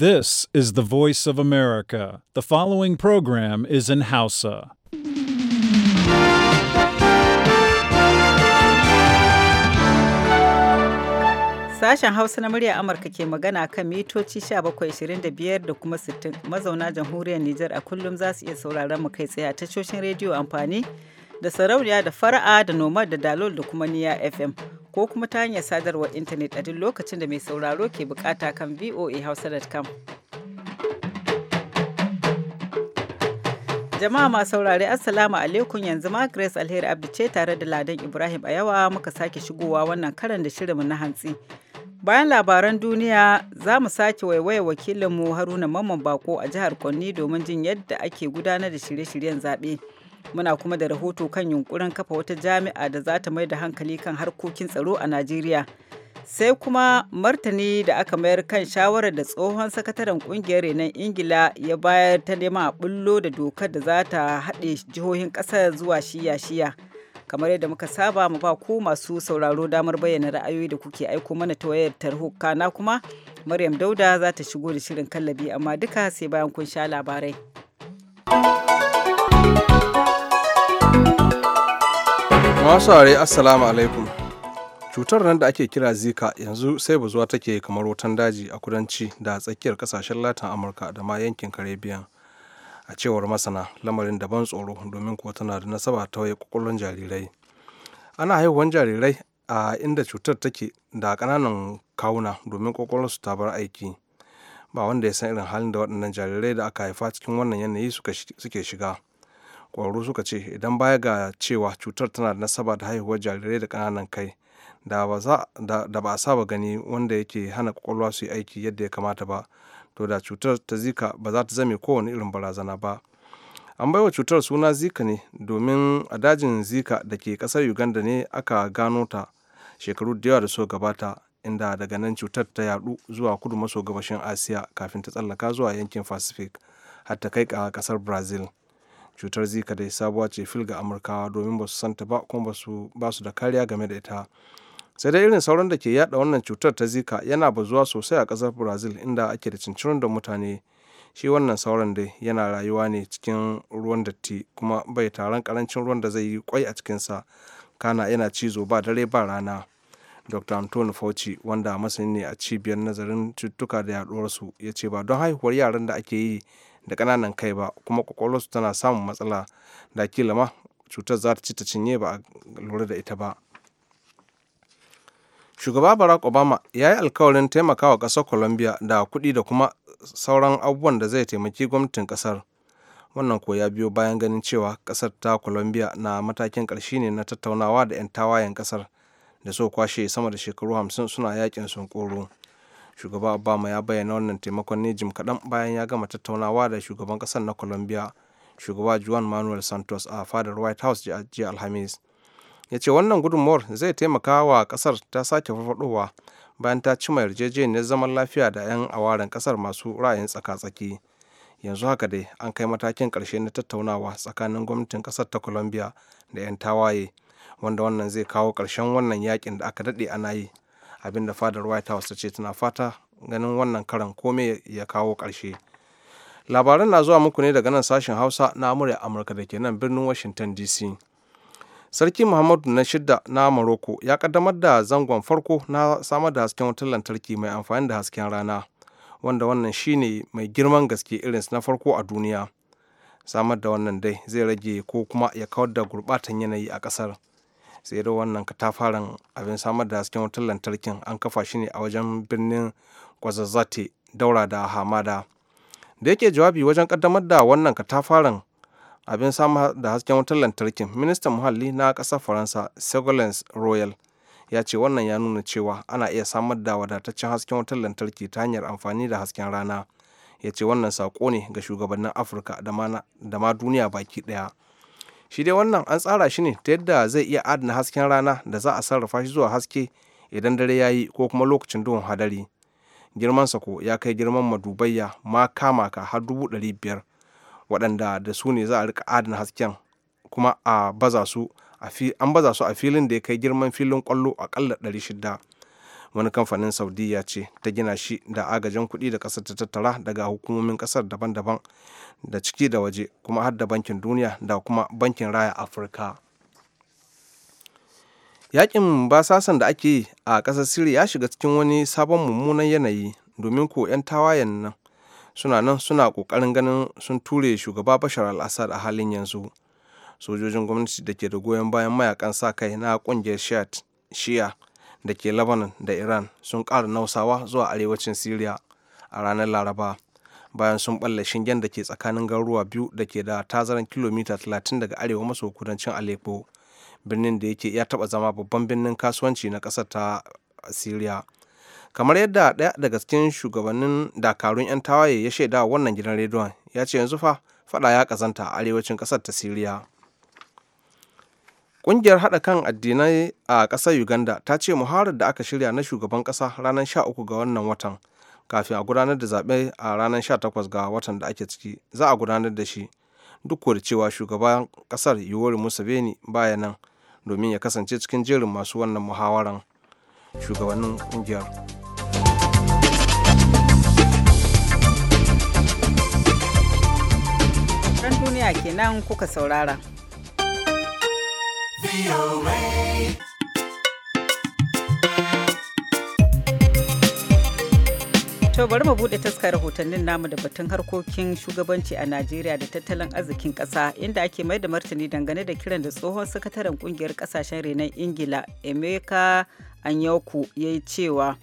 This is the voice of America. The following program is in Hausa. Sashen Hausa na murya Amurka ke magana kan mitoci 1725 da kuma 60 mazauna jamhuriyar Nijar a kullum za su iya sauraron mu kai tsaye a tashoshin rediyo amfani da sarauniya da fara'a da nomad da dalol da kuma niya fm ko kuma ta hanyar sadarwar intanet a duk lokacin da mai sauraro ke bukata kan voahausa.com jama'a masu saurare assalamu alaikum yanzu ma grace alheri abdu ce tare da ladan ibrahim a yawa muka sake shigowa wannan karan da shirinmu na hantsi bayan labaran duniya za mu sake waiwaya wakilinmu haruna mamman bako a jihar kwanni domin jin yadda ake gudanar da shirye-shiryen zaɓe. muna kuma da rahoto kan yunkurin kafa wata jami'a da za ta mai da hankali kan harkokin tsaro a najeriya sai kuma martani da aka mayar kan shawarar da tsohon sakataren kungiyar renon ingila ya bayar ta neman a bullo da dokar da za ta haɗe jihohin ƙasar zuwa shiya-shiya kamar yadda muka saba mu ba ku masu sauraro damar bayyana ra'ayoyi da kuke aiko mana ta wayar tarho kana kuma maryam dauda za ta shigo da shirin kallabi amma duka sai bayan kun sha labarai masu ware assalamu alaikum cutar nan da ake kira zika yanzu sai buzuwa take kamar wutan daji a kudanci da tsakiyar kasashen latin amurka da ma yankin caribbean a cewar masana lamarin daban tsoro domin kuwa tana da nasaba ta waye kwakwalwar jarirai ana haihuwan jarirai a inda cutar take da kananan kawuna domin kwakwalwarsu ta bar aiki ba wanda ya san irin halin da waɗannan jarirai da aka haifa cikin wannan yanayi suke shiga kwaro suka ce idan baya ga cewa cutar tana da nasaba da haihuwar jarirai da kananan kai da ba a saba gani wanda yake hana kwakwalwa su yi aiki yadda ya kamata ba to da cutar ta zika ba za ta zame kowane irin barazana ba an baiwa cutar suna zika ne domin a dajin zika da ke kasar uganda ne aka gano ta shekaru da yawa da so gabata inda daga nan cutar ta yadu zuwa kudu maso gabashin asiya kafin ta tsallaka zuwa yankin pacific har ta kai ka kasar brazil cutar zika dai sabuwa ce fil ga amurka domin ba su santa ba kuma ba su da kariya game da ita sai dai irin sauran da ke yada wannan cutar ta zika yana bazuwa sosai a kasar brazil inda ake da cincirin da mutane shi wannan sauran dai yana rayuwa ne cikin ruwan datti kuma bai taron karancin ruwan da zai yi kwai a cikinsa kana yana cizo ba dare ba rana dr anthony fauci wanda masani ne a cibiyar nazarin cututtuka da yaduwarsu ya ce ba don haihuwar yaran da ake yi da ƙananan kai ba kuma kwakwalwarsu tana samun matsala da kilama cutar za ta ci ta cinye ba a lura da ita ba shugaba barack obama ya yi alkawarin taimakawa ƙasar colombia da kuɗi da kuma sauran abubuwan da zai taimaki gwamnatin ƙasar wannan ko ya biyo bayan ganin cewa ƙasar ta colombia na matakin ƙarshe ne na tattaunawa da 'yan tawayen ƙasar da so kwashe sama da shekaru hamsin suna yakin sunkuru. shugaba obama ya bayyana wannan taimakon ne jim kaɗan bayan ya gama tattaunawa da shugaban ƙasar na colombia shugaba juan manuel santos a fadar white house jiya alhamis ya ce wannan gudunmuwar zai taimaka wa ƙasar ta sake farfadowa bayan ta cima yarjejeniyar zaman lafiya da 'yan awaren ƙasar masu ra'ayin tsaka-tsaki yanzu haka dai an kai matakin ƙarshe na tattaunawa tsakanin gwamnatin ƙasar ta colombia da 'yan tawaye wanda wannan zai kawo ƙarshen wannan yakin da aka daɗe ana yi abinda fadar white house ta ce tana fata ganin wannan karan kome ya kawo ƙarshe labaran na zuwa muku ne daga nan sashen hausa na amurya amurka da ke nan birnin washington dc sarki muhammadu na shidda na morocco ya kaddamar da zangon farko na samar da hasken wutar lantarki mai amfani da hasken rana wanda wannan shine mai girman gaske irinsu na farko a duniya samar da wannan dai zai rage ko kuma ya kawar da gurbatan yanayi a ƙasar. tsere wannan katafaren abin samar da hasken wutar lantarkin an kafa shi ne a wajen birnin kwazazzate daura da hamada da yake jawabi wajen kaddamar da wannan katafaren abin samar da hasken wutar lantarkin ministan muhalli na ƙasar faransa segolens royal ya ce wannan ya nuna cewa ana iya samar da wadataccen hasken wutar lantarki ta hanyar amfani da hasken rana ya ce wannan saƙo ne ga shugabannin afirka da ma duniya baki ɗaya shi dai wannan an tsara shi ne ta yadda zai iya adana hasken rana da za a sarrafa shi zuwa haske idan dare ya yi ko kuma lokacin duhun hadari girmansa ko ya kai girman madubayya maka maka har dubu ɗari biyar waɗanda da su ne za a rika adana hasken kuma a baza su an baza su a filin da ya kai girman filin kwallo akalla ɗari shida wani kamfanin saudiya ce ta gina shi da agajin kuɗi da ƙasar ta tattara daga hukumomin ƙasar daban-daban da ciki da waje kuma har da bankin duniya da kuma bankin raya afirka yakin basasan da ake yi a ƙasar siriya ya shiga cikin wani sabon mummunan yanayi domin ko 'yan tawayen nan suna nan suna ƙoƙarin ganin sun ture shugaba bashar al a halin yanzu sojojin gwamnati da ke da goyon bayan mayakan sa kai na ƙungiyar shi'a da ke lebanon da iran sun kara nausawa zuwa arewacin syria a ranar laraba bayan sun ɓalla shingen da ke tsakanin garuruwa biyu da ke da tazaran kilomita 30 daga arewa maso kudancin aleppo birnin da yake ya taba zama babban birnin kasuwanci na ƙasar ta syria kamar yadda ɗaya daga cikin shugabannin dakarun 'yan tawaye ya shaida wannan gidan rediyon ya ce yanzu fa fada ya kazanta a arewacin ƙasar ta syria Ƙungiyar haɗa kan addinai a ƙasar Uganda ta ce muhawarar da aka shirya na shugaban ƙasa ranar 13 ga wannan watan kafin a gudanar da zaɓe a ranar 18 ga watan da ake ciki za a gudanar da shi duk da cewa shugaban ƙasar yuwari Museveni baya nan domin ya kasance cikin jerin masu wannan muhawaran shugabannin kungiyar. Ran duniya kenan kuka saurara. To bari mu buɗe taskar rahotannin namu da batun harkokin shugabanci a Najeriya da tattalin arzikin ƙasa inda ake mai da martani dangane da kiran da tsohon sakataren kungiyar ƙasashen renon Ingila Emeka Anyoku ya yi cewa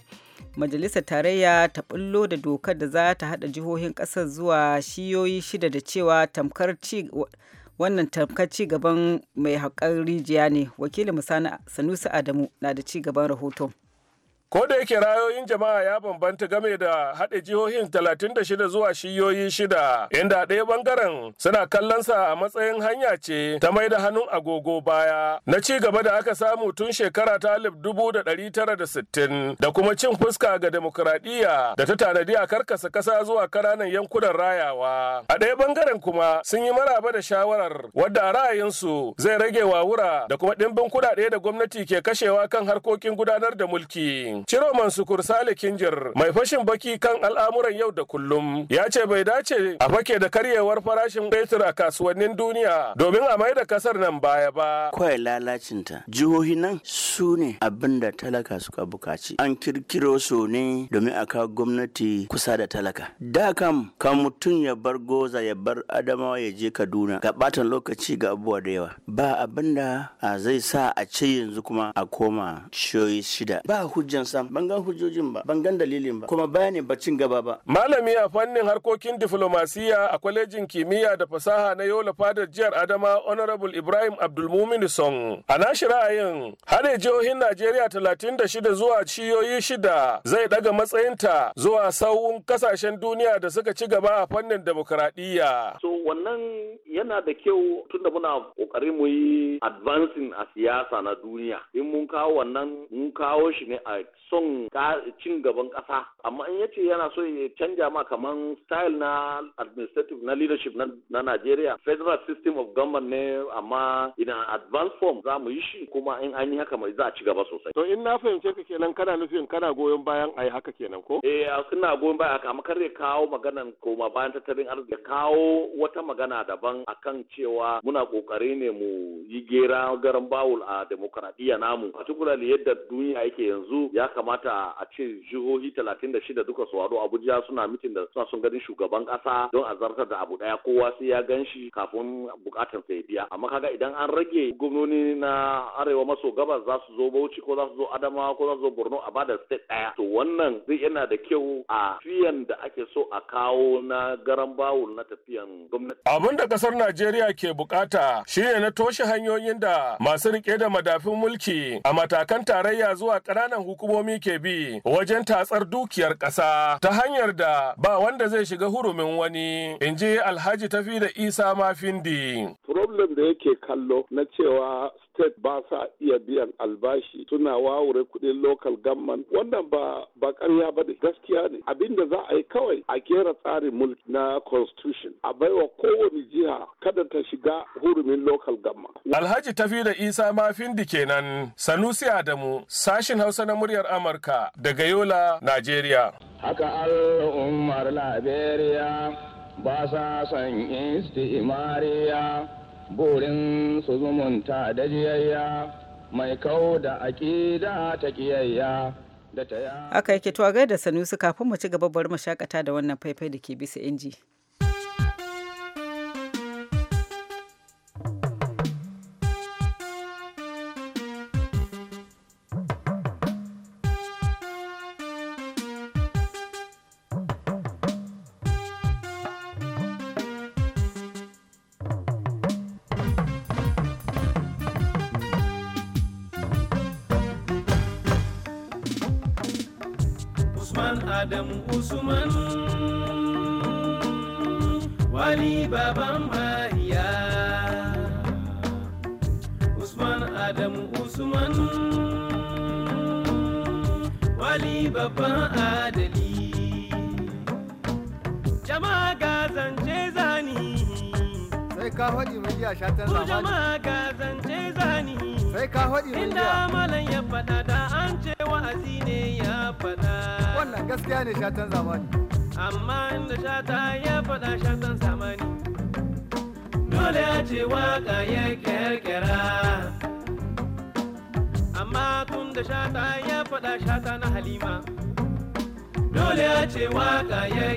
Majalisar Tarayya ta bullo da dokar da za ta haɗa jihohin ƙasar zuwa shiyoyi shida da cewa tamkar ci wannan tamkar ci gaban mai haƙar rijiya ne wakilin musana sanusi adamu na da ci gaban rahoton Ko da yake rayoyin jama'a ya bambanta game da haɗe jihohin 36 zuwa shiyoyi shida, inda ɗaya bangaren suna kallon sa a matsayin hanya ce ta mai da hannun agogo baya na ci gaba da aka samu tun shekara ta 1960 da kuma cin fuska ga demokuraɗiyya da ta tanadi a karkasa ƙasa zuwa ƙananan yankunan rayawa. A ɗaya bangaren kuma sun yi maraba da shawarar wadda a ra'ayinsu zai rage wawura da kuma ɗimbin kuɗaɗe da gwamnati ke kashewa kan harkokin gudanar da mulki. Ciro Ciroman Sukur Sale Kinjir mai fashin baki kan al'amuran yau da kullum ya ce bai dace a fake da karyewar farashin fetur a kasuwannin duniya domin a mai da kasar nan baya ba. lalacin ta. jihohi nan su ne abin da talaka suka bukaci. An kirkiro su ne domin a kawo gwamnati kusa da talaka. Da kam ka mutum ya bar goza ya bar adamawa ya je Kaduna ga batan lokaci ga abubuwa da yawa. Ba abin da zai sa a ce yanzu kuma a koma shoyi shida. Ba hujjan sam ban gan hujjojin ba ban gan dalilin ba kuma bayanin ba cin gaba ba malami a fannin harkokin diflomasiya a kwalejin kimiyya da fasaha na yola fadar jihar adama honorable ibrahim abdulmumin song a nashi ra'ayin hada jihohin najeriya talatin da shida zuwa ciyoyi shida zai ɗaga matsayinta zuwa sauwun kasashen duniya da suka ci gaba a fannin demokradiyya. so wannan yana da kyau tunda muna ƙoƙarin mu yi advancing a siyasa na duniya in mun kawo wannan mun kawo shi ne a son cin gaban ƙasa amma in yace yana so ya canja ma kaman style na administrative na leadership na Najeriya federal system of government ne amma in advanced form za mu yi shi kuma in an yi haka mai za a ci gaba sosai to in na fahimce ka kenan kana nufin kana goyon bayan ai haka kenan ko eh ina goyon bayan haka amma kar ya kawo maganan koma bayan tattalin arziki kawo wata magana daban akan cewa muna kokari ne mu yi gera garan bawul a demokradiyya namu a particularly yadda duniya yake yanzu ya kamata a ce jihohi talatin da shida duka su wado Abuja suna mitin da suna sun ganin shugaban ƙasa don a zartar da abu daya kowa sai ya gan shi kafin bukatar sa ya biya. Amma kaga idan an rage gwamnoni na arewa maso gabas za su zo Bauchi ko za su zo Adamawa ko za su zo Borno a bada state ɗaya. To wannan zai yana da kyau a fiyan da ake so a kawo na garan bawul na tafiyan gwamnati. Abin da kasar Najeriya ke bukata shine na toshe hanyoyin da masu riƙe da madafin mulki a matakan tarayya zuwa ƙananan hukumomi hukumomi ke bi wajen tatsar dukiyar ƙasa ta hanyar da ba wanda zai shiga hurumin wani in ji alhaji tafi da isa mafindi problem da yake kallo na cewa state ba sa iya biyan albashi suna wawure kuɗin local government wannan ba ba karya ba ne gaskiya ne abin da za a yi kawai a kera tsarin mulki na constitution a baiwa kowane jiha kada ta shiga hurumin local government. Alhaji tafi da Isa Mafindi kenan Sanusi Adamu sashin Hausa na muryar Amurka daga Yola, Najeriya. Haka al'ummar Liberia ba sa son istimariya burin su zumunta da jiyayya mai kau da aƙida ta ƙiyayya da ta ya. Aka yake to da gaida Sanusi kafin mu ci gaba bari mashakata da wannan faifai da ke bisa inji. Adam Usman Wali Baban Mariya Usman Adam Usman Wali Baban Adali Jama'a ga zance zani Sai ka faɗi miliya shatan zamani Jama'a ga zance zani Sai ka faɗi miliya Inda malam ya faɗa da an ce wa'azi ne ya faɗa gaskiya ne shatan zamani amma inda shata ya faɗa shatan zamani dole a ce waka ya kirkira. amma tun da shata ya faɗa shata na halima dole a ce waka ya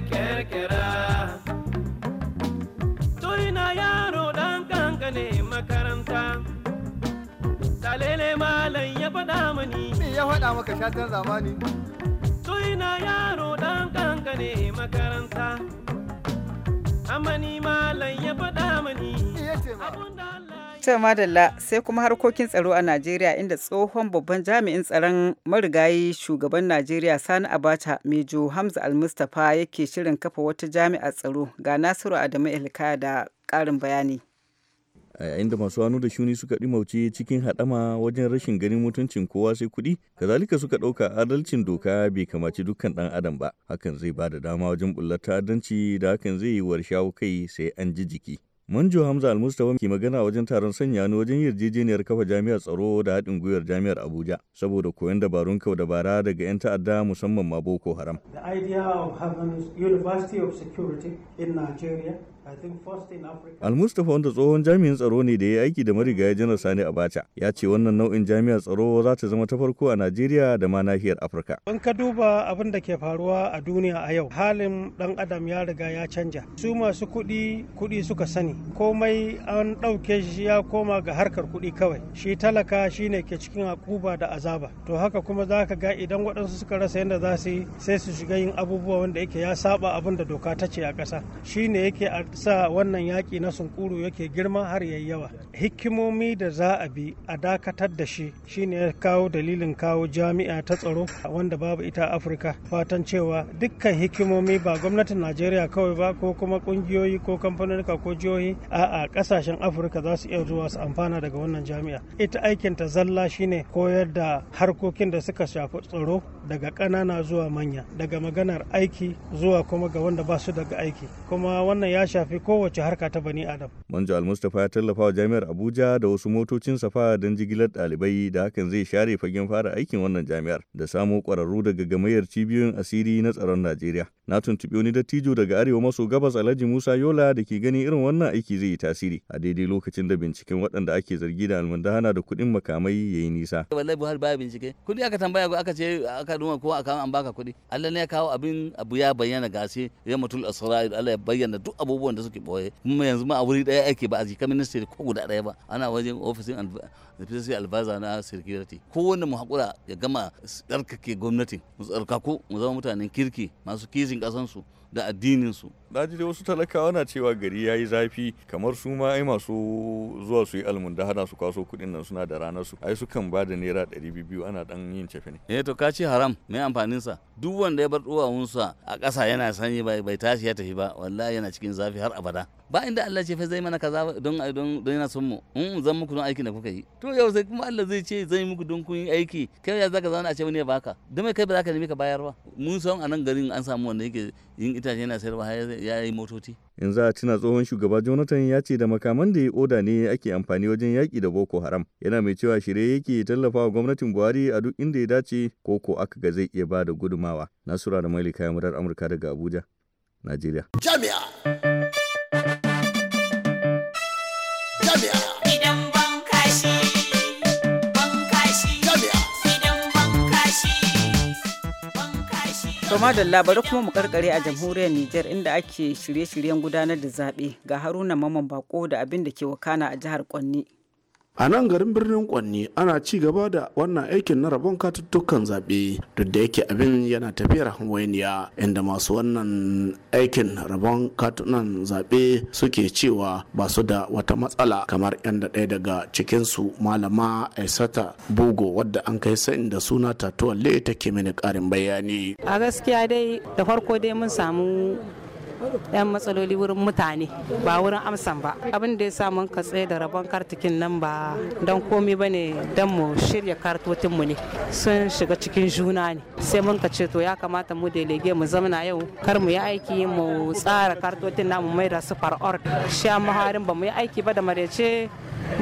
To na yaro ɗan kankane makaranta talele malam ya faɗa mani me ya faɗa maka shatan zamani so yaro dan kankane makaranta amani malam ya faɗa mani madalla sai kuma harkokin tsaro a najeriya inda tsohon babban jami'in tsaron marigayi shugaban najeriya sani abacha mejo hamza almustapha yake shirin kafa wata jami'ar tsaro ga nasiru adamu ilka da karin bayani a yayin da masu hannu da shuni suka ɗimauce cikin haɗama wajen rashin ganin mutuncin kowa sai kuɗi kazalika suka ɗauka adalcin doka bai kamaci dukkan ɗan adam ba hakan zai ba da dama wajen bullar ta'addanci da hakan zai yi war shawo kai sai an ji jiki Manjo Hamza Almustapha ke magana wajen taron sanya ni wajen yarjejeniyar kafa jami'ar tsaro da haɗin gwiwar jami'ar Abuja saboda koyon dabarun kau dabara daga 'yan ta'adda musamman ma Boko Haram. The idea of having University of Security in Nigeria Al-Mustapha wanda tsohon jami'in tsaro ne da ya aiki da marigayi janar Sani Abacha ya ce wannan nau'in jami'ar tsaro za ta zama ta farko a Najeriya da ma nahiyar Afirka. In ka duba abin da ke faruwa a duniya a yau halin dan adam ya riga ya canja su masu kuɗi kuɗi suka sani komai an ɗauke shi ya koma ga harkar kuɗi kawai shi talaka shine ke cikin akuba da azaba to haka kuma za ka ga idan waɗansu suka rasa yadda za su yi sai su shiga yin abubuwa wanda yake ya saba abin da doka ta ce a ƙasa ne yake a sa wannan yaƙi na sunkuru yake girma har yayi yawa hikimomi da za a bi a dakatar da shi shine ya kawo dalilin kawo jami'a ta tsaro a wanda babu ita a afirka fatan cewa dukkan hikimomi ba gwamnatin najeriya kawai ba ko kuma kungiyoyi ko kamfanonika ko jihohi a a kasashen afirka za su iya zuwa su amfana daga wannan jami'a ita aikinta zalla shine koyar da harkokin da suka shafi tsaro daga ƙanana zuwa manya daga maganar aiki zuwa kuma ga wanda ba su daga aiki kuma wannan ya shafi kowace harka ta bani adam manja almustapha ya tallafa wa jami'ar abuja da wasu motocin safa don jigilar ɗalibai da hakan zai share fagen fara aikin wannan jami'ar da samo ƙwararru daga gamayyar cibiyoyin asiri na tsaron najeriya na tuntubi wani dattijo daga arewa maso gabas alhaji musa yola da ke gani irin wannan aiki zai yi tasiri a daidai lokacin da binciken waɗanda ake zargi da almundahana da kuɗin makamai ya yi nisa. wallahi buhari baya bincike kuɗi aka tambaya ko aka ce aka duma ko aka an baka kuɗi allah ne ya kawo abin abu ya bayyana gasi ya matul asra'il allah ya bayyana duk abubuwan da suke boye kuma yanzu ma a wuri ɗaya ake ba a jikin ministry ko guda ɗaya ba ana wajen ofisin ofishin albaza na security kowanne mu haƙura ya gama tsarkake gwamnati mu tsarkaku mu zama mutanen kirki masu kizin 江苏省。da addininsu. daji ji da wasu talakawa na cewa gari ya yi zafi kamar su ma ai masu zuwa su yi almunda hana su kwaso kuɗin nan suna da ranar su ai sukan ba da naira ɗari biyu ana ɗan yin cefe ne. Eh to ka ce haram mai amfanin sa duk wanda ya bar sa a ƙasa yana sanyi bai tashi ya tafi ba wallahi yana cikin zafi har abada. ba inda Allah ce fa zai mana kaza don don don yana son mu in mm, zan muku don aikin da kuka yi to yau sai kuma Allah zai ce zan yi muku don kun yi aiki kai ya zaka zauna a ce wani ya baka don kai ba ka nemi ka bayarwa. mun san a nan garin an samu wanda yake yin itace yana sayarwa ya yi motoci yanzu a tuna tsohon shugaba jonathan ya ce da makaman da ya oda ne ake amfani wajen yaƙi da boko haram yana mai cewa shirye yake tallafa wa gwamnatin buhari a duk inda ya dace ko ko aka ga zai iya ba da gudumawa nasura da maili kayan murar amurka daga abuja najeriya jami'a jami'a To da bari kuma mu karkare a jamhuriyar Nijar inda ake shirye-shiryen gudanar da zaɓe ga Haruna Maman Bako da abin da ke wakana a jihar Kwanni. a nan garin birnin kwanni ana ci gaba da wannan aikin na rabon katuttukan zaɓe duk da yake abin yana tafiyar hanwainiya inda masu wannan aikin rabon katunan zaɓe suke cewa ba su da wata matsala kamar yan da ɗaya daga cikinsu malama aisata bugo wadda an kai sa'in da suna tatuwalle take mini ƙarin bayani a gaskiya dai da farko dai mun samu yan matsaloli wurin mutane ba wurin amsan ba abin da ya sa mun katse da rabon kartikin nan ba don komi ba ne don mu shirya kartotin mu ne sun shiga cikin juna ne sai mun ka ce to ya kamata mu delege mu zamana yau kar mu yi aiki mu tsara kartotin namu mai da su far'or sha maharin ba mu yi aiki ba da marece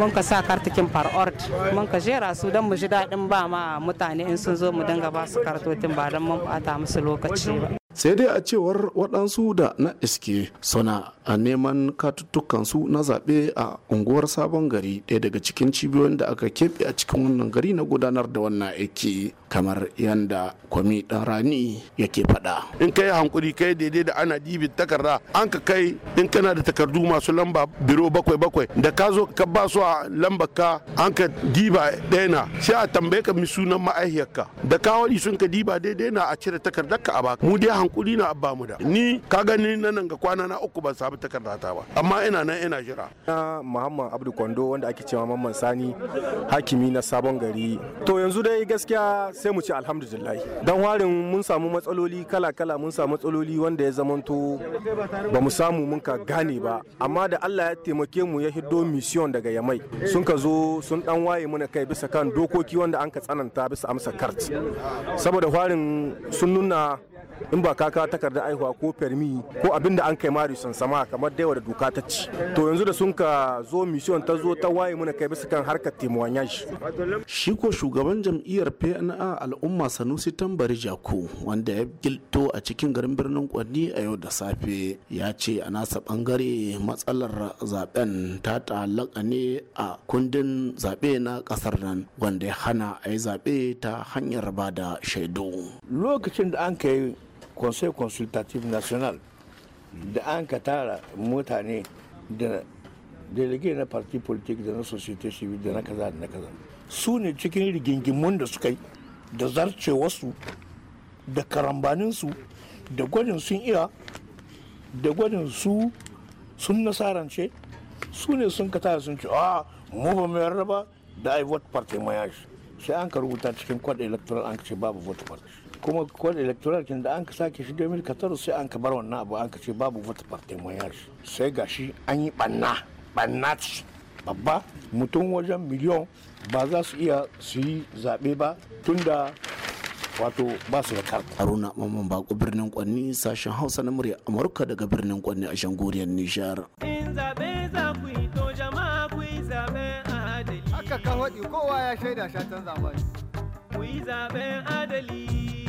mun ka sa kartikin far'ord mun ka jera su don mu ji daɗin ba ma mutane in sun zo mu dinga ba su kartotin ba don mun bata musu lokaci ba sai dai a cewar waɗansu da na iske suna a neman katuttukansu na zaɓe a unguwar sabon gari ɗaya daga cikin cibiyoyin da aka keɓe a cikin wannan gari na gudanar da wannan aiki kamar yadda kwami ɗan rani yake faɗa. in kai hankuri kai daidai da ana dibi takarda an ka kai in kana da takardu masu lamba biro bakwai bakwai da ka zo ka ba su a lamba ka an ka diba ɗaya na sai a tambaye ka mi sunan ka da ka wani sun ka diba daidai na a cire takardar ka a baka mu hankuri na abba mu da ni ka gani na nan ga kwana na uku ban samu takarda ta ba amma ina nan ina jira na muhammad abdu kwando wanda ake cewa mamman sani hakimi na sabon gari to yanzu dai gaskiya sai mu ce alhamdulillah dan warin mun samu matsaloli kala kala mun samu matsaloli wanda ya zamanto ba mu samu mun ka gane ba amma da Allah ya taimake mu ya hiddo mission daga yamai sun ka zo sun dan waye mana kai bisa kan dokoki wanda an ka tsananta bisa amsa kart saboda warin sun nuna in ba ka kawo takardar aihuwa ko permi ko abin da an kai mari sun sama kamar dai da doka ta ci to yanzu da sun ka zo mission ta zo ta waye muna kai bisa kan harkar temoyage shi ko shugaban jam'iyyar PNA al'umma Sanusi Tambari Jako wanda ya gilto a cikin garin birnin Kwanni a yau da safe ya ce a nasa bangare matsalar zaben ta ta'allaka ne a kundin zabe na kasar nan wanda ya hana a yi zabe ta hanyar ba da shaidu lokacin da an kai conseil consultative national da an ka tara mutane da delege na parti politique da na société civile da na kaza da na kaza su ne cikin rigingimun da suka yi da zarcewarsu da karambaninsu da gwajin sun iya da gwajin su sun nasarance su ne sun kata sun ce a mu ba mai raba da ai vote party mayashi sai an ka rubuta cikin kwad electoral an ce babu vote party kuma kwan electoral kin da an ka sake shi 2014 sai an ka bar wannan abu an ka ce babu vote party témoignage sai gashi an yi banna banna babba mutum wajen miliyon ba za su iya su yi zaɓe ba tunda wato ba su da karta. Haruna Mamman Bako birnin Kwanni sashen Hausa na murya Amurka daga birnin Kwanni a Shangoriyar Nishar. zaɓe kowa ya shaida shatan zamani. Ku yi zaɓen adali.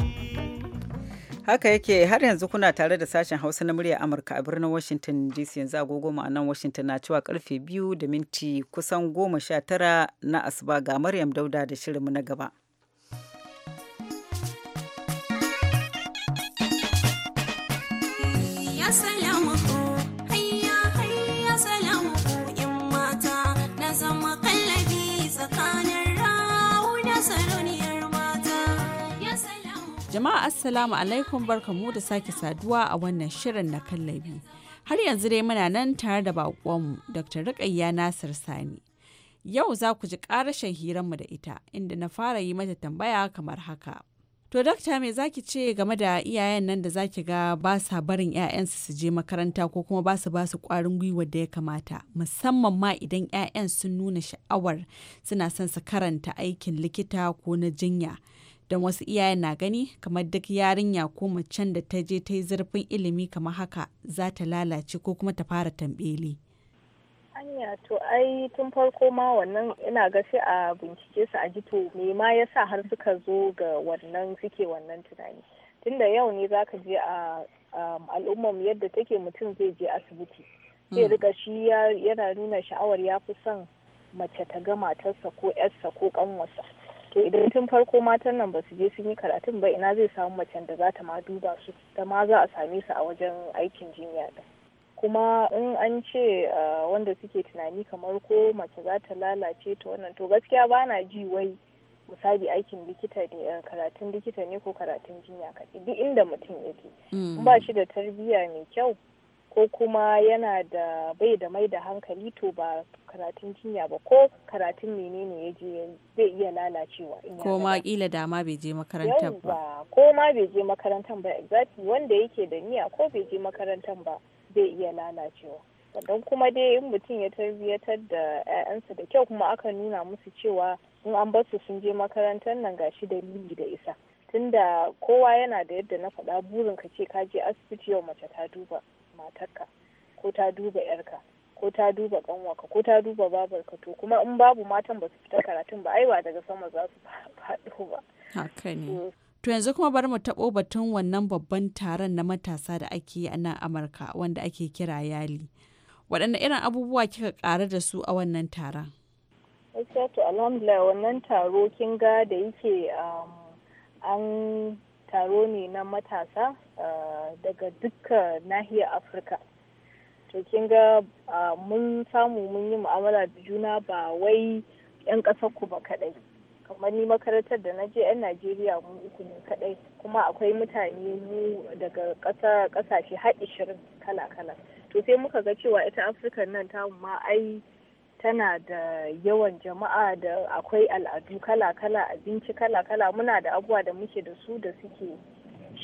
Haka yake har yanzu kuna tare da sashen Hausa na murya Amurka a birnin Washington DC yanzu agogo ma'anan Washington na cewa karfe biyu da minti kusan goma sha tara na asuba ga Maryam Dauda da shirinmu na gaba. Jama'a Assalamu alaikum barkamu da sake saduwa a wannan shirin na kallabi. Har yanzu dai muna nan tare da baƙonmu Dr. Rukayya Nasir Sani. Yau za ku ji ƙarashin hiranmu da ita inda na fara yi mata tambaya kamar haka. To dakta me zaki ce game da iyayen nan da zaki ga ba sa barin 'ya'yansu su je makaranta ko kuma ba su ba su ƙwarin gwiwa da ya kamata musamman ma idan 'ya'yan sun nuna sha'awar suna son su karanta aikin likita ko na jinya don wasu iyayen na gani kamar duk yarinya ko macen da ta je ta yi zurfin ilimi kamar haka za ta lalace ko kuma ta fara tambeli. hanya to ai tun farko ma wannan ina ga sai a bincike su a ji to me ma sa har suka zo ga wannan suke wannan tunani tunda yau ne zaka je a um, al'ummar yadda take mutum zai je asibiti zai hmm. riga shi yana nuna sha'awar ya fi son mace ta ga matarsa ko yarsa ko kanwarsa to idan tun farko matan nan ba su je sun yi karatun ba ina zai samu macen da za ta ma duba su da ma za a same su a wajen aikin jinya din kuma in an ce ah, wanda suke tunani kamar ko mace za ta lalace ta wannan to gaskiya ba na ji wai misali aikin likita ne eh, karatun likita ne ko karatun jinya kaɗai duk inda mutum yake in mm. ba shi da tarbiyya mai kyau ko kuma yana da bai da mai da hankali to ba karatun jinya ba ko karatun menene ya je zai iya lalacewa ko ma kila da ma bai je makarantar ba ko ma bai je makarantar ba exactly wanda yake da niyya ko bai je makarantar ba zai iya lalacewa don kuma dai in mutum ya tarbiyyatar da 'ya'yansa da kyau kuma aka nuna musu cewa in an basu sun je makarantar nan gashi dalili da isa tunda kowa yana da yadda na faɗa burin ka ce ka je asibiti yau mace ta duba matarka ko ta duba yarka ko ta duba ƙanwaka ko ta duba babarka to kuma in babu matan ba su fita karatun ba aiwa daga sama za su faɗo ba haka ne to yanzu kuma bari mu taɓo batun wannan babban taron na matasa da ake yi a nan amurka wanda ake kira yali waɗanne irin abubuwa kika ƙara da su a wannan taron gaskiya to alhamdulillah wannan taro kin ga da yake um, an taro ne na matasa eh, daga duka nahiyar afirka to kin ga eh, mun samu mun yi mu'amala da juna ba wai 'yan ƙasar ku ba kaɗai kamar ni makarantar da na je 'yan najeriya mu uku ne kaɗai kuma akwai mutane mu daga ƙasashe har ishirin kala-kala to sai muka ga cewa ita afirka nan ta ma ai tana da yawan jama'a da akwai al'adu kala-kala abinci kala-kala muna da abuwa da muke da su da suke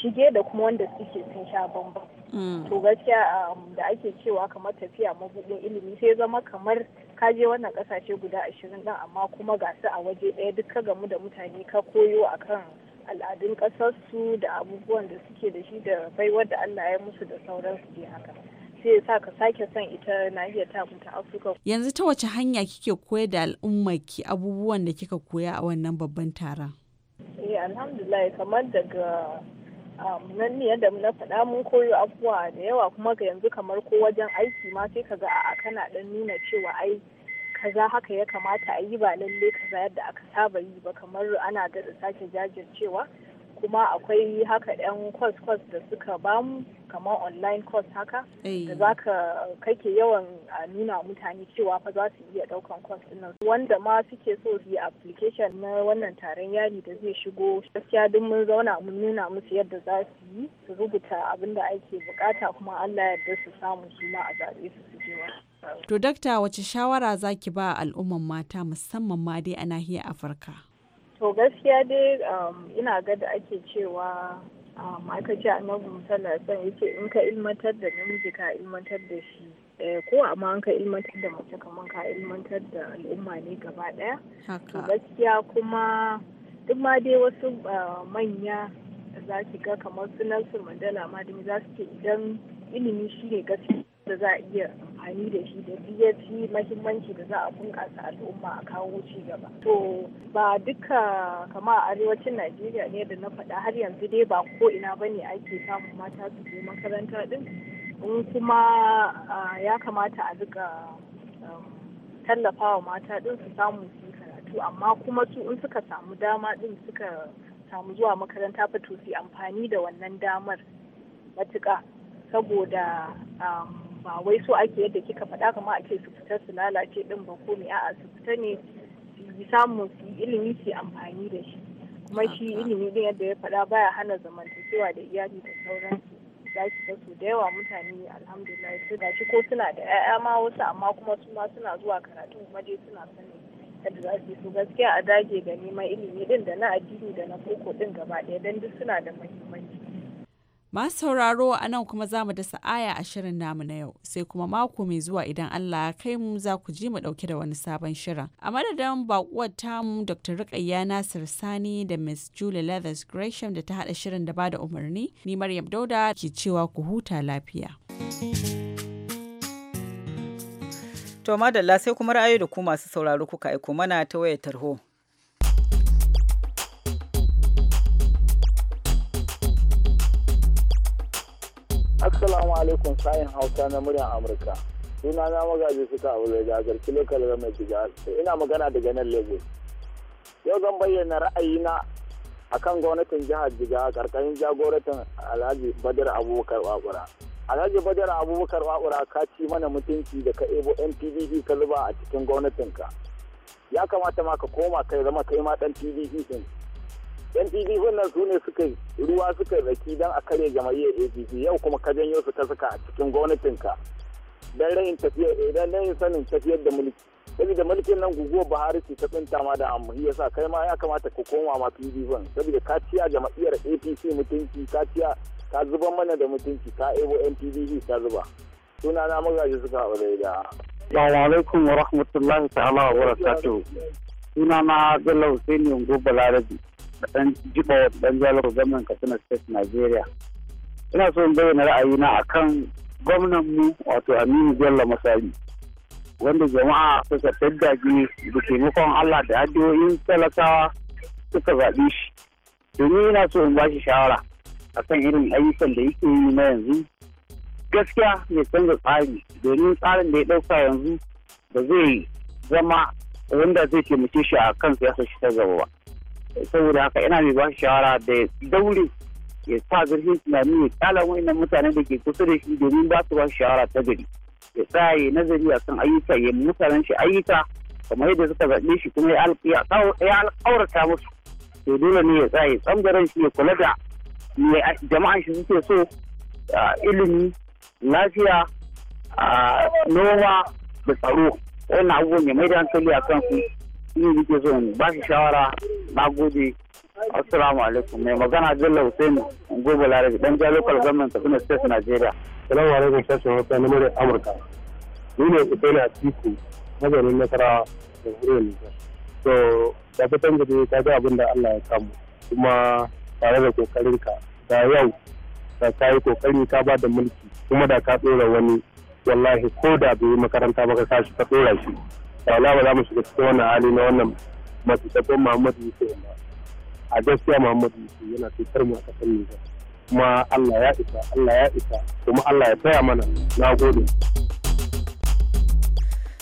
shige da kuma wanda suke sun sha bambam. Mm. To gaskiya um, da ake cewa kamar tafiya mabuɗin ilimi sai zama kamar kaje wannan kasashe guda ashirin ɗin amma kuma ga su a waje ɗaya duk ka gamu da mutane ka koyo akan al'adun ƙasarsu da abubuwan da suke da shi da baiwar da Allah ya musu da sauransu dai haka. sai ya sa ka sake son ita nahiyar ta ta afirka yanzu ta wace hanya kike koyar da ki abubuwan da kika koya a wannan babban taron eh alhamdulillah kamar daga um, nan ne yadda na faɗa mun koyo abubuwa da yawa kuma ga yanzu kamar ko wajen aiki ma sai ka ga a kana dan nuna cewa ai kaza haka ya kamata a yi ba lalle kaza yadda aka saba yi ba kamar ana da sake jajircewa kuma akwai haka 'yan kwas-kwas da suka bamu kamar online course haka eh. da za ka kake yawan nuna mutane cewa fa za su iya daukan course nan wanda ma suke so su yi application na wannan taron yari da zai shigo gaskiya duk mun zauna mun nuna musu yadda za su yi su rubuta abin da ake bukata kuma Allah yarda su samu su ma a zaɓe su su je To dakta wace shawara zaki ba al'umman mata musamman ma dai a nahiyar Afirka? to gaskiya dai um, ina ga da ake cewa um, ma'aikaci ce annabi musalla son ya in ka ilmantar da namiji ka ilmantar da shi eh, ko amma an ka ilmantar da mace kamar ka ilmantar da al'umma ne gaba daya to gaskiya kuma duk ma dai wasu uh, manya za ki ga kamar su Nelson Mandela ma za su ce idan ilimi shi ne gaskiya da za a iya amfani da shi da ya mahimmanci da za a bunƙasa al'umma a kawo ci gaba. To ba duka kama a arewacin Najeriya ne da na faɗa har yanzu dai ba ko ina ba ne ake samun mata su je makaranta ɗin In kuma ya kamata a duka um, tallafawa mata ɗin su samu su yi karatu amma kuma su in suka samu dama ɗin suka samu zuwa makaranta fa to su amfani da wannan damar matuƙa saboda um, ba wai so ake yadda kika faɗa kama ake su fita su lalace din ba ko mai a'a su fita ne su samu su ilimi su amfani da shi kuma shi ilimi din yadda ya faɗa baya hana zamantakewa da iyali da sauran za ki su da yawa mutane alhamdulillah su shi ko suna da 'ya'ya ma wasu amma kuma su ma suna zuwa karatu kuma dai suna sanin yadda su gaskiya a dage ga neman ilimi din da na addini da na koko din gaba ɗaya don duk suna da muhimmanci Masu sauraro a nan kuma za mu dasa aya a shirin namu na yau sai kuma mako mai zuwa idan Allah ya kai mu za ku ji mu ɗauke da wani sabon shirin. A madadin bakuwar tamu Dr. Rukayya Nasir Sani da Miss Julie Leathers Gresham da ta haɗa shirin da ba da umarni, ni Maryam Dauda ke cewa ku huta lafiya. To madalla sai kuma ra'ayi da ku masu sauraro kuka aiko mana ta wayar tarho. Assalamu alaikum sayin Hausa na muryar Amurka. Suna na magaji suka abu da gagarci lokal mai da ina magana daga nan Lagos. Yau zan bayyana ra'ayina akan gwamnatin jihar Jigawa karkashin jagoratin Alhaji Badar Abubakar Wakura. Alhaji Badar Abubakar Wakura ka ci mana mutunci da ka ebo NPDP ka zuba a cikin gwamnatinka. Ya kamata ma ka koma kai zama kai ma dan PDP sun. yan pdp wannan su ne suka ruwa suka raki don a karya jama'iyyar apc yau kuma ka janyo su ka saka a cikin gwamnatinka don rayin tafiyar idan eh, rayin sanin tafiyar da mulki saboda mulkin nan guguwa buhari ce ta tsinta ma da amma yasa kai ma ya kamata ka koma ma pdp saboda ka ciya jama'iyyar apc mutunci ka ciya ka zuba mana da mutunci ka ebo npdp ka zuba suna na magaji suka aure da salamu alaikum wa rahmatullahi ta'ala wa barakatuhu Suna na Bello Hussein Yungo Balarabi. dan jiba dan jalar gwamnan katsina state nigeria ina so in bayyana ra'ayina a kan gwamnan mu wato aminu bello masari wanda jama'a suka taddage da taimakon allah da addu'o'in talakawa suka zaɓe shi domin ina so in bashi shawara a kan irin ayyukan da yake yi na yanzu gaskiya mai canza tsari domin tsarin da ya ɗauka yanzu ba zai zama wanda zai taimake shi a kan siyasar shi ta gaba ba saboda haka yana mai ba shawara da daure ya sa zurfin tunani ya kala wani mutane da ke kusa da shi domin ba su ba shawara ta gari ya sa ya nazari kan ayyuka ya mutanen shi ayyuka kamar yadda suka zaɓe shi kuma ya alƙawarta musu to dole ne ya sa ya tsangaren shi ya kula da jama'an shi suke so ilimi lafiya noma da tsaro wannan abubuwan ya mai da hankali a su. ne nake so ba shi shawara na gode assalamu alaikum mai magana jalla hussein gobe larabi dan ja local government of the state nigeria salamu alaikum sashen wata na da amurka ni ne na atiku mazanin nasara da wurin nijar to da ka canza dai ka ga abin da allah ya kamu kuma tare da kokarinka da yau da ka yi kokari ka ba da mulki kuma da ka dora wani wallahi ko da bai yi makaranta ba ka shi ka dora shi wala ba za mu shiga cikin wannan hali na wannan matsatsin Muhammadu Yusuf ba a gaskiya Muhammadu Yusuf yana cutar mu a kasar Nijar kuma Allah ya isa Allah ya isa kuma Allah ya taya mana na gode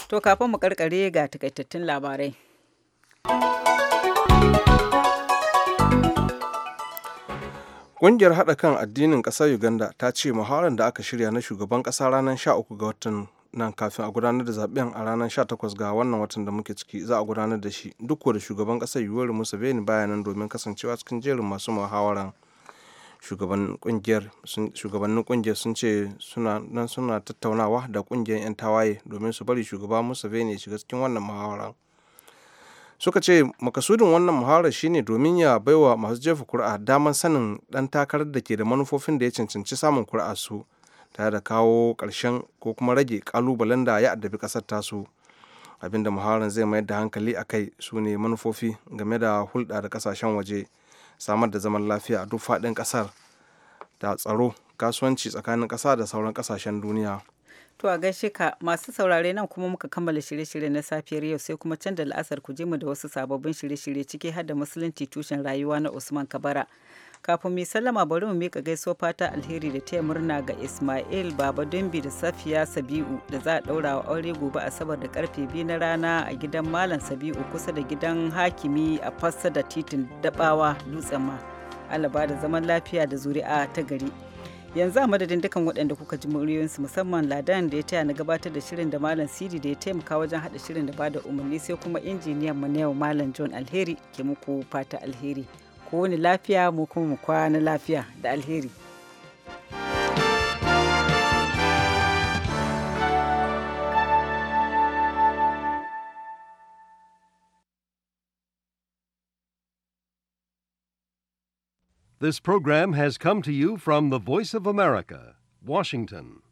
to kafin mu karkare ga takaitattun labarai Ƙungiyar haɗa kan addinin ƙasar Uganda ta ce muhawarar da aka shirya na shugaban ƙasa ranar 13 ga watan nan kafin a gudanar da zaben a ranar 18 ga wannan watan da muke ciki za a gudanar da shi duk da shugaban kasar yuwar museveni baya nan domin kasancewa cikin jerin masu muhawaran shugabannin kungiyar sun ce suna nan suna tattaunawa da kungiyar 'yan tawaye domin su bari shugaba museveni ya shiga cikin wannan muhawaran suka ce makasudin wannan muhawarar shine domin ya baiwa masu jefa kuri'a damar sanin dan takarar da ke da manufofin da ya cancanci samun kuri'a su tare da kawo ƙarshen ko kuma rage ƙalubalen da ya addabi ƙasar tasu abinda muharin zai mayar da hankali a kai su ne manufofi game da hulɗa da ƙasashen waje samar da zaman lafiya a duk faɗin ƙasar da tsaro kasuwanci tsakanin ƙasa da sauran ƙasashen duniya To a gaishe ka masu saurare nan kuma muka kammala shirye-shirye na safiyar yau sai kuma can da la'asar ku je mu da wasu sababbin shirye-shirye ciki har da musulunci tushen rayuwa na Usman Kabara. kafin mai sallama bari mu mika gaisuwa fata alheri da taya murna ga ismail baba dumbi da safiya sabi'u da za a ɗaura wa aure gobe asabar da karfe biyu na rana a gidan malam sabi'u kusa da gidan hakimi a fassa da titin daɓawa dutsen ma alaba da zaman lafiya da zuri'a ta gari yanzu a madadin dukkan waɗanda kuka ji muryoyinsu musamman ladan da ya taya na gabatar da shirin da malam sidi da ya taimaka wajen haɗa shirin da bada umarni sai kuma injiniyan mu na yau malam john alheri ke muku fata alheri wani lafiya mu kuma mu kwana lafiya da alheri This program has come to you from the Voice of America, Washington.